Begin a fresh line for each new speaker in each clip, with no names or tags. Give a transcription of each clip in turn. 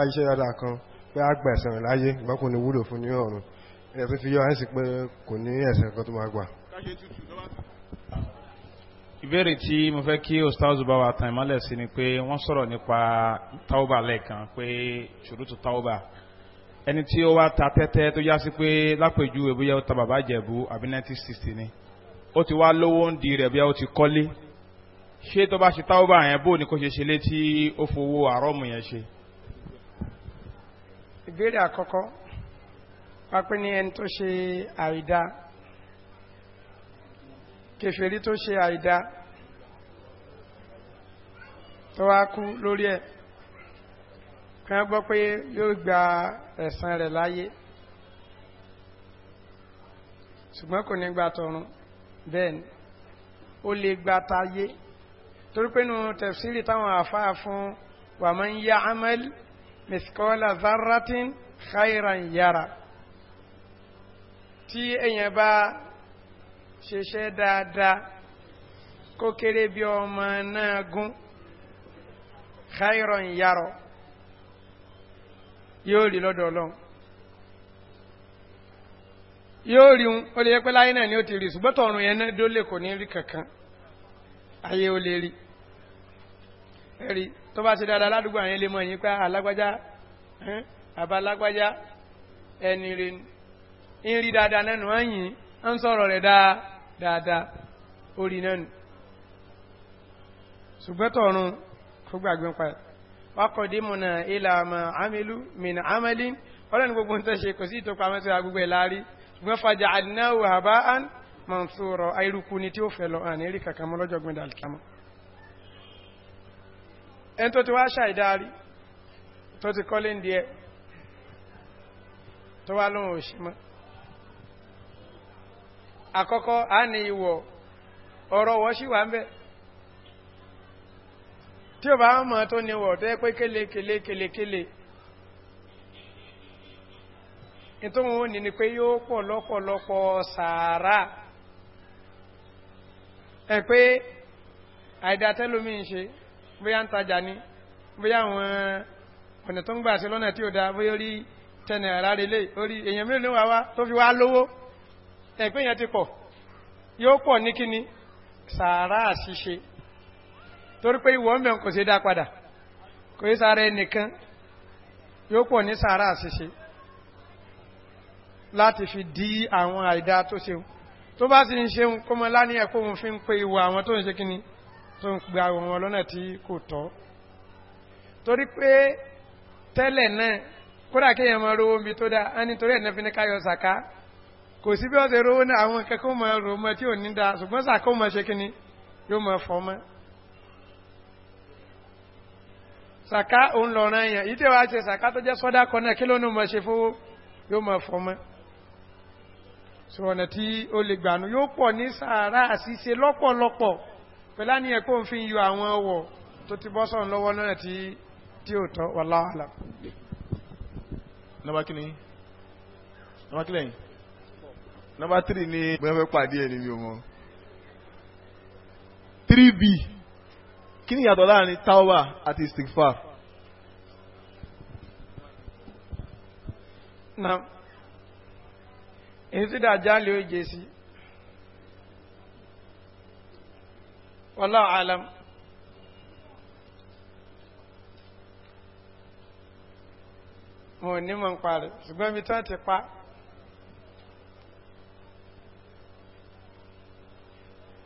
bá iṣẹ́ dáadáa kan pé a gba ẹ̀san láyé ìgbà kò ní wúlò fún ní ọ̀run ilẹ̀ tó fi yọ àìsí pé kò ní ẹ̀san kan tó máa gbà. ìbéèrè tí mo fẹ́ kí ostaazu bá wa tan ìmọ́lẹ̀ sí ni pé wọ́n sọ̀rọ̀ nípa tauba lẹ́ẹ̀kan pé ṣòrótù tauba ẹni tí ó wá ta tẹ́tẹ́ tó já sí pé lápèjúwe bóyá ó ta bàbá jẹ̀bú àbí 1960 ni ó ti wá lówó ń di rẹ̀ bí ó ti kọ́lé ṣé tó bá ṣe tauba yẹn bó ni kò ṣe ṣe létí ó fowó àrọ́mù yẹn ṣe
ìbéèrè àkọ́kọ́ wá pé ní ẹni tó ṣe àìdá kèfèrí tó ṣe àìdá tó wá kú lórí ẹ̀ kí wọ́n gbọ́ pé yóò gba ẹ̀san rẹ̀ láyé ṣùgbọ́n kò ní gba tọ̀run bẹ́ẹ̀ ni ó lè gba tayé torí pé nínú tẹ̀síìrì táwọn àfáà fún wàmọ́ ń yá amẹ́lì mìsíkọ́lá zarratin khairan yara tí èèyàn bá ṣiṣẹ́ dáadáa kó kéré bí ọmọ náà gún khairan yara yóò rí lọ́dọ̀ ọlọ́run yóò rí un ó lè yẹ pé láyé ni ó ti rí ṣùgbọ́n tọ̀run yẹn náà dólè kò ní rí kankan ayé ó lè rí ẹ̀rí tó bá ti dáadáa ládùúgbò àwọn ilé mọ́ yìí pé ah, alágbájá àbá alágbájá ẹni rẹ ń rí dáadáa nánú ẹ̀yìn ń sọ̀rọ̀ rẹ̀ dáadáa orí nánú ṣùgbọ́n tọ̀run kó gbàgbé pa ẹ̀ wákọ̀dímọ̀nà ìlàmà àmìlú mìnà àmàlí ọlọ́ni gbogbo ń tẹ́ṣe kò sí ìtọ́pọ̀ àmọ́ sí agbègbè láàrí ṣùgbọ́n fàjà àdínáwò àbá án mọ̀nsúrọ̀ àìrùkú ni tí ó fẹ́ lọ àní ẹni tó ti wá ṣàìdárí tó ti kọ́lé ń di ẹ tó wá lóhun òṣì àkọ́kọ́ a ní ìwọ̀ ọ̀rọ̀ wọ́n sì wà ń bẹ̀ tí ò bá mọ̀ tó ní wọ̀ tó yẹ pé kélé kélé kélé kélé nítorí wọn ní ni pé yóò pọ̀ lọ́pọ̀lọpọ̀ sàárà ẹ pé àìdátẹ́lómi ń ṣe bóyá ń tajà ní bóyá àwọn ọ̀nà tó ń gbà sí lọ́nà tí ó dá bóyá orí tẹ́nà ara relé orí èèyàn mìíràn ló wà wá tó fi wá lówó ẹ̀pẹ́ yẹn ti pọ̀ yóò pọ̀ ní kíni sàárà àṣìṣe torí pé ìwọ̀ ń bẹ̀ kò sí dá padà kò sí sára ẹnìkan yóò pọ̀ ní sàárà àṣìṣe láti fi dí àwọn àìdá tó ṣeun tó bá sì ń ṣeun kó mọ láníyàn kó òun fi ń pe ìwà àwọn tó ń ṣe kíni tó ń gba wọn lọ́nà tí kò tọ́ torí pé tẹ́lẹ̀ náà kódà kéèyàn máa rówó bí tó dáa á nítorí ẹ̀nà fi ní káyọ̀ sàká kò sí bí wọ́n ṣe rówó náà àwọn kẹ́kọ̀ọ́ máa rò mọ́ tí ò ní dáa ṣùgbọ́n sàká ó máa ṣe kíni yóò máa fọ́ mọ́ sàká òun lọ ran èèyàn ìdí wa ṣe sàká tó jẹ́ sọ́dá kan náà kí ló ní máa ṣe fowó yóò máa fọ́ mọ́ sọ̀rọ̀ tí ó lè gbànú yóò pọ̀ ní sàárà àṣìṣe lọ́pọ̀lọpọ̀ pẹ̀lá ní ẹ̀kọ́ fi ń yọ àwọn ọwọ́ tó ti bọ́ sọ̀rọ̀ lọ́wọ́ lọ́nà tí ó tọ́ wà láàlá. nọmba ni
nọmba kí tírì ni bóyá fẹ́ pàdé ẹ̀ níbi ọmọ tírì kí ni ìyàtọ̀ láàrin tawba àti istighfar.
na èyí tí dàjà lè ó sí. والله alam. mo ní mọ̀ ń parí ṣùgbọ́n mi tán ti pa.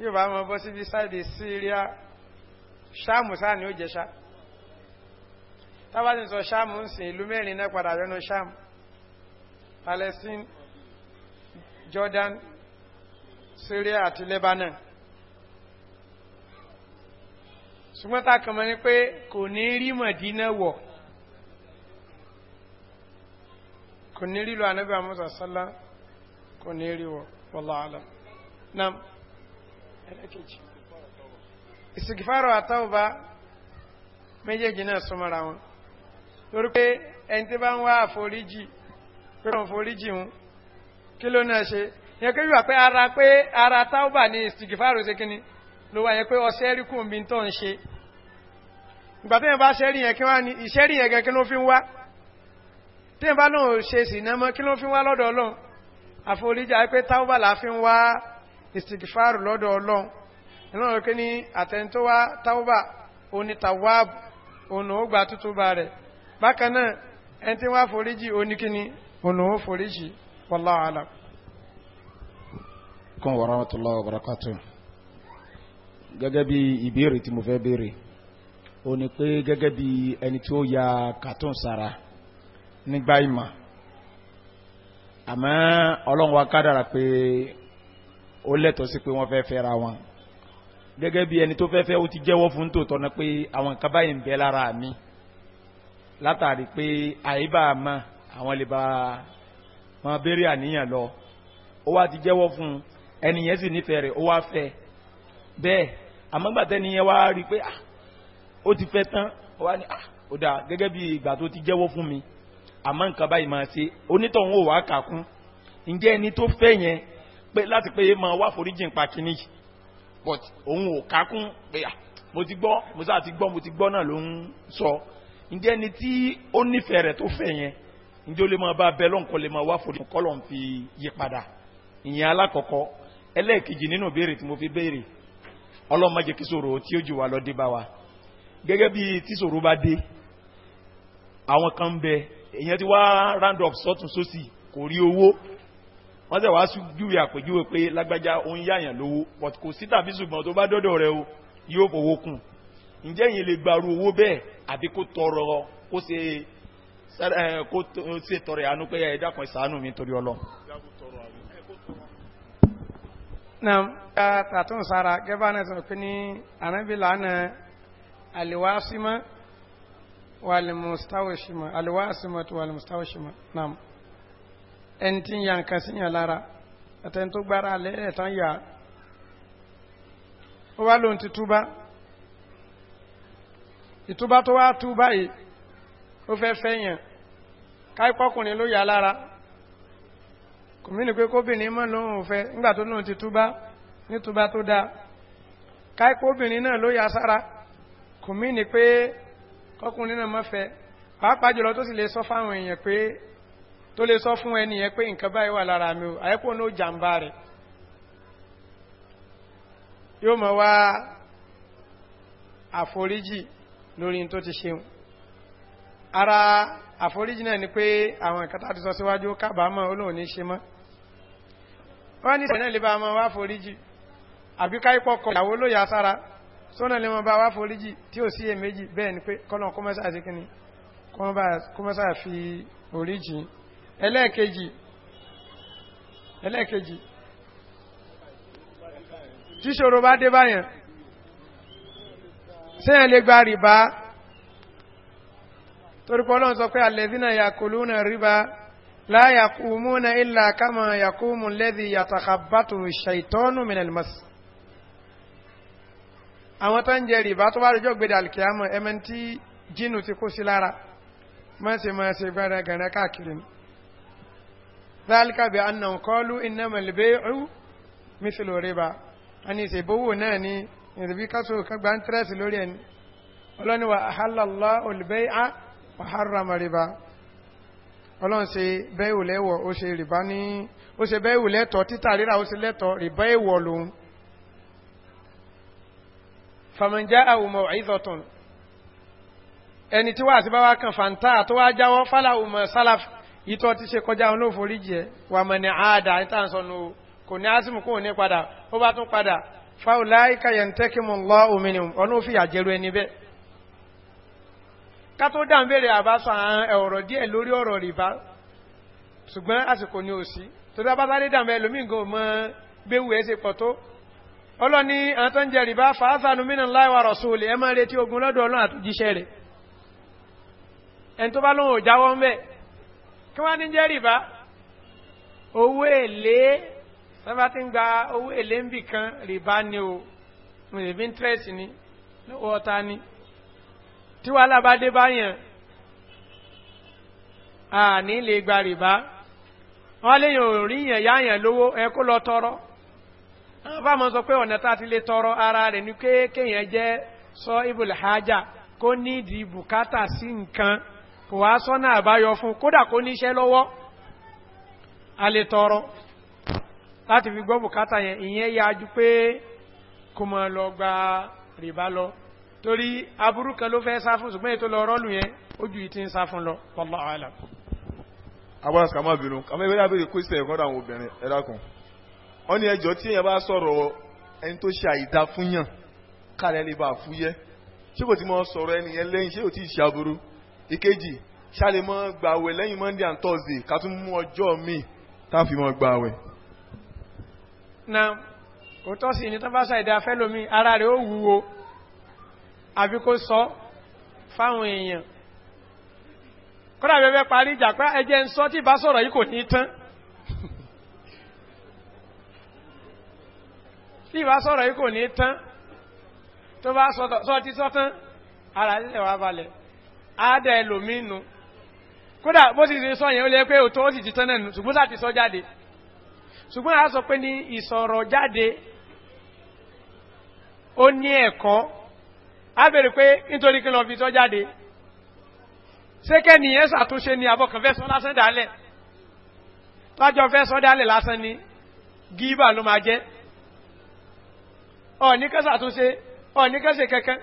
yóò bá mọ bọ́ síbi sáìdì síríà ṣáàmù sáà ni ó jẹ ṣá tábàtì sọ ṣáàmù ń sìn ìlú mẹ́rin náà padà yọnu ṣáàmù Palestine Jordan Syria àti Lebanon ṣùgbọ́n tá a kàn mọ́ ni pé kò ní rí mọ̀dínà wọ̀ kò ní rí lọ anábì àmúṣà sálá kò ní rí wọ̀ wọ́lá àlọ́ nam ẹlẹ́kejì ìsìkìfàrọ̀ àtàwọ̀bá méjèèjì náà súnmọ́ra wọn lórí pé ẹni tí bá ń wá àforíjì pé wọ́n foríjì wọn kí ló náà ṣe yẹn kí wíwà pé ara pé ara táwọ̀bà ni ìsìkìfàrọ̀ ṣe kíni ló wà yẹn pé ọṣẹ́ rí kùnbí tó ń ṣe ìgbà tẹ́yìn bá ṣẹ́rí yẹn kí wá ní ìṣẹ́rí yẹn gan kí ló fi ń wá tẹ́yìn bá lóun ṣe sì náà mọ́ kí ló fi ń wá lọ́dọ̀ ọlọ́run àforíjà pé táwọ́bà la fi ń wá ìsìkìfàrù lọ́dọ̀ ọlọ́run ìlọ́run kí ní àtẹni tawab ònà ó gba tuntun bá rẹ̀ bákan náà ẹni tí wá foríjì oníkíní ònà ó foríjì wọláhàlà.
kan wàrà wàtúlá ọ̀bàràkàtù gẹ́gẹ́ bí ìbéèrè tí mo fẹ́ béèrè ó ní pé gẹ́gẹ́ bí ẹni tí ó ya cartoon sára nígbà ìmọ̀ àmọ́ ọlọ́run wa kádàrà pé ó lẹ́tọ̀ọ́ sí pé wọ́n fẹ́ fẹ́ra wọn gẹ́gẹ́ bí ẹni tó fẹ́ fẹ́ ó ti jẹ́wọ́ fún tòótọ́ náà pé àwọn nǹkan báyìí ń bẹ lára mi látàrí pé àyíbá àmọ́ àwọn lè ba wọn béèrè àníyàn lọ ó wá ti jẹ́wọ́ fún ẹnìyẹn sì nífẹ̀ẹ́ rẹ̀ ó wá fẹ́ bẹ́ẹ̀ àmọ́gbàtẹ́niyẹn wá rí pé ah ó ti fẹ́ tán ó wá ní ah ó dáa gẹ́gẹ́ bí ìgbà tó ti jẹ́wọ́ fún mi àmọ́ nǹkan báyìí máa ṣe onítọ̀hún ò wá kà kún ǹjẹ́ ẹni tó fẹ́ yẹn pé láti pé máa wá foríjìn pa kínní yìí but òun ò kà kún pé à ah, mo ti gbọ́ mo sáà ti gbọ́ mo ti gbọ́ náà ló ń sọ ǹjẹ́ ẹni tí ó nífẹ̀ẹ́ rẹ̀ tó fẹ́ yẹn ǹjẹ́ ó lè máa bá abẹ́ lọ́nkọ́ lè máa wá foríjìn kọ́ lọ́n fi yí padà ìyẹn alákọ̀ọ́kọ́ ẹlẹ́ẹ̀kejì nínú ìbéèrè tí mo fi béèrè ọlọ́mọ kí sòrò tí ó jù wá lọ dé bá wa gẹ́gẹ́ bí tíṣòro bá dé àwọn kan ń bẹ èyàn ti wá round up sọ́tún sósì kò rí owó wọ́n tẹ̀ wá júwe àpèjúwe pé lágbájá ó ń yáyàn lówó but kò sí tàbí ṣùgbọ́n tó bá dọ́dọ̀ rẹ o yóò fowó kùn ǹjẹ́ yìí lè gbaru owó bẹ́ẹ̀ àbí kó tọrọ kó ṣe eh, kó ṣe tọrọ àánú pé ẹ̀dá kan ṣàánú mi torí ọlọ́
na kàtún sára gẹ́bà náà sọ pé ní ànábìlà náà aliwasima walimustawishima aliwasima tu walimustawishima nam ẹni tí ń ya nǹkan sí yàn lára àtẹni tó gbára alẹ́ ẹ̀ tán yà ó wá lóhun ti túbá ìtúbá tó wá túbá yìí ó fẹ́ fẹ́ yàn káíkọ́kùnrin ló yà lára kò mí ní pé kóbìnrin mọ́ lóhun fẹ́ nígbà tó lóhun ti túbá nítúbá tó dáa káíkọ́ obìnrin náà ló yà sára kò mí ni pé kọkùnrin náà mọ́fẹ́ pàápàá jùlọ tó sì lè sọ fáwọn èèyàn pé tó lè sọ fún ẹni yẹn pé nǹkan báyìí wà lára mi o àyẹ́pọ̀ ní ó rẹ̀ yóò mọ̀ wá àforíjì lórí tó ti ṣeun ara àforíjì náà ni pé àwọn nǹkan tá a ti sọ síwájú kábàámọ̀ olóhùn ní ṣe mọ́ wọ́n ní sẹ́yìn náà lè bá ọmọ wá àforíjì àbíká ìpọkọ̀ ìyàwó ló sára sọ́nà lè mọ́ bá wá foríjì tí ò sí èméjì bẹ́ẹ̀ ni pé kọ́nà kọ́mọ́sá sí kíní kọ́mọ́sá fi oríjì ẹlẹ́ẹ̀kejì ẹlẹ́ẹ̀kejì tíṣòro bá dé báyàn sẹ́yìn lè gba rìbá torípọ̀ lọ́n sọ pé alẹ́dínà yàkùlú náà rìbá láyàkùmú náà ìlà kama yàkùmú lẹ́dí yàtàkàbátò ṣàìtọ́nù mìnàlmásì àwọn tó ń jẹ rìbá tó bá rí jọ́gbé dàlkìámọ̀ ẹmẹ́n tí jínú ti kó sí lára mọ́sí mọ́sí gbẹ̀rẹ̀gẹ̀rẹ̀ káàkiri ní zálíkàbí annan kọlu iná mẹ́lẹ̀bẹ̀ ẹ̀rù mísìlò rìbá a ní ìṣèbówò náà ní ìrìbí kásò kagbà ń tẹ́rẹ́sì lórí ẹni ọlọ́niwà ahálàlá olùbẹ́ a ọ̀hárama rìbá ọlọ́n ṣe bẹ́ẹ̀wò lẹ́wọ̀ ó ṣe bẹ́ẹ̀wò lẹ́tọ̀ títà rírà ó ṣe lẹ́tọ̀ rìbá èwọ̀ lòun fàmìjá àwùmọ̀ ìzọ̀tún ẹni tí wà sí bá wá kan fàntà tó wá jáwọ́ fàlàwùmọ̀ sálàf ìtọ́ ti ṣe kọjá ọ̀nà òforí jẹ wà mọ̀ ní àádà ìtànsọ̀nù kò ní ásìmù kò ní padà ó bá tún padà fáwọláìka yẹn tẹ́kìmù lọ òmìnir ọ̀nà òfìyà jẹrù ẹni bẹ́ ká tó dá ọlọ́ni àtọ́njẹ́ rìbá fàásànù mínà láìwà rọ̀súlì ẹ máa retí ogun lọ́dọ̀ ọlọ́run àtúnjíṣẹ́ rẹ̀ ẹn tó bá lóhun òjáwọ́ ń bẹ̀ kí wọ́n ní jẹ́ rìbá owó èlé sábà ti ń gba owó èlé ń bì kan rìbá ni o rìbí interest ni lówó ọta ni tí wàá lábàdé báyàn àní lè gba rìbá wọ́n léyìn òrí yáyàn lówó ẹ lọ tọrọ wọ́n bá mọ́ sọ pé ọ̀nà tá ti lè tọrọ ara rẹ̀ ní kéèkéèyàn jẹ́ sọ ibùl hajjá kó nídìí bùkátà sí nǹkan kò wá sọ́nà àbáyọ fún kódà kó níṣẹ́ lọ́wọ́ a lè tọrọ láti fi gbọ́ bùkátà yẹn ìyẹn yájú pé kò mọ̀ lọ gba rìbá lọ torí aburú kan ló fẹ́ sá fún ṣùgbọ́n ètò lọ rọ́ọ̀lù yẹn ó ju ìtì sá fún lọ wàlláhàlà.
agbára sàmà bínú àmọ́ ìwé yàgbé kó ìṣẹ̀yìn kọ́dà àwọn obìnrin ẹ̀dá wọ́n ní ẹjọ́ tí èèyàn bá sọ̀rọ̀ ẹni tó ṣe àìdá fún yàn kárẹ̀ lè bá fúyẹ́ ṣé kò tí mo sọ̀rọ̀ ẹni yẹn lẹ́yìn ṣé kò tí ì ṣàbúrú ìkejì ṣáàlè mọ́
gbàwẹ̀ lẹ́yìn monday and thursday ká tún mú ọjọ́ míì
tá a fi mọ́ gbàwẹ̀.
na òótọ́ sí ni tó bá ṣàìdá fẹ́ lómi ara rẹ̀ ó wúwo àfi kó sọ fáwọn èèyàn kọ́dà bẹ́ẹ̀ parí ìjà pé ẹjẹ́ ń sọ tí ìbá tí ìbá sọ̀rọ̀ yìí kò ní tán tó bá sọ ti sọ tán ara lílẹ̀ wá balẹ̀ àádá ẹlòmínú kódà bó ti sọ yẹn ó lè pé òtó ó sì ti tán nẹ́nu ṣùgbọ́n láti sọ jáde ṣùgbọ́n a sọ pé ní ìsọ̀rọ̀ jáde ó ní ẹ̀kọ́ a bèèrè pé nítorí kí lọ fi sọ jáde ṣékẹ́ nìyẹn ṣàtúnṣe ni àbọ̀kàn fẹ́ sọ lásán dálẹ̀ tọ́jọ́ fẹ́ sọ dálẹ̀ lásán ni gíbà ló máa jẹ́ ọ̀ní kan ṣàtúnṣe ọ̀ní kan ṣe kankan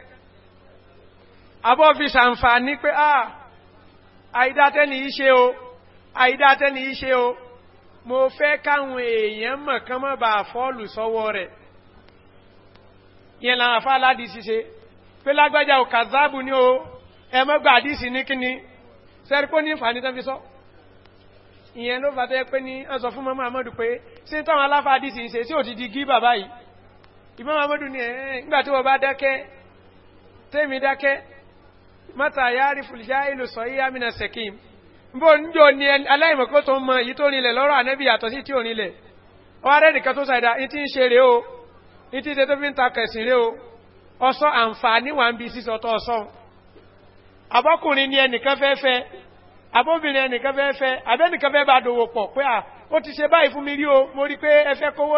abọ́ fi ṣàǹfààní pé ah àìdátẹ́ ni iṣẹ́ o àìdátẹ́ ni iṣẹ́ o mo fẹ́ káwọn èèyàn mọ̀ kán mọ́ bá fọ́ọ̀lù sọ́wọ́ rẹ̀ yẹn làwọn afá aládìí ṣiṣẹ́ pé lágbájá ò kàzáàbù ní o ẹmọ́gbà àdìsí ní kíni sẹ́rípó ní ìfàní tán fi sọ́ ìyẹn ló fàtẹ́ pé ní ọ̀sọ̀ fún mọ́mọ́ àmọ́dù pé sí táwọn aláfà àdìsí ń ṣe sí òtítí gí bàbá yìí ìmọ̀ amadu ni ẹ̀ eh, ńgbà tí wọ́n bá dákẹ́ tẹ́mi dákẹ́ mata yáàrí fùlìjá ìlú sọ yí àmìnà sẹ̀kìm bó ń jò ní aláìmọ̀kó tó mọ èyí tó rinlẹ̀ lọ́rọ̀ ànẹ́bí yàtọ̀ sí tí ò rinlẹ̀ ọwọ́ o o ọsọ ọsọ ni ti ṣe báyìí fún mi rí o mo rí pé kówó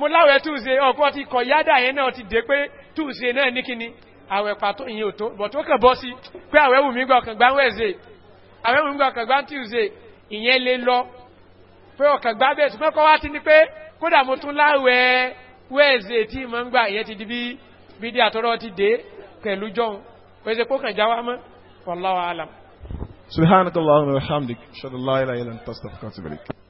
mo láwẹ̀ túnṣe ọkọ̀ ti kọ̀ yádà yẹn náà ti dé pé túnṣe náà ní kíni àwẹ̀ pàtó ìyẹn òtó bọ̀ tó kàn bọ́ sí pé àwẹ̀ wù mí gbọ́ kàn gbá wẹ̀ẹ́sẹ̀ àwẹ̀ wù mí gbọ́ kàn gbá túnṣe ìyẹn lè lọ pé ọkàn gbá bẹ́ẹ̀ ṣùgbọ́n kọ́ wá ti ní pé kódà mo tún láwẹ̀ wẹ̀ẹ́sẹ̀ tí mo ń gbà ìyẹn ti di bí bídí àtọ́rọ́ ti dé pẹ̀lú jọun pẹ̀sẹ̀ kó kàn já wá mọ́ wàláwà alam.
subhanahu wa ta'ala alhamdulilayi la ilaha illa anta astaghfiruka wa atubu ilayk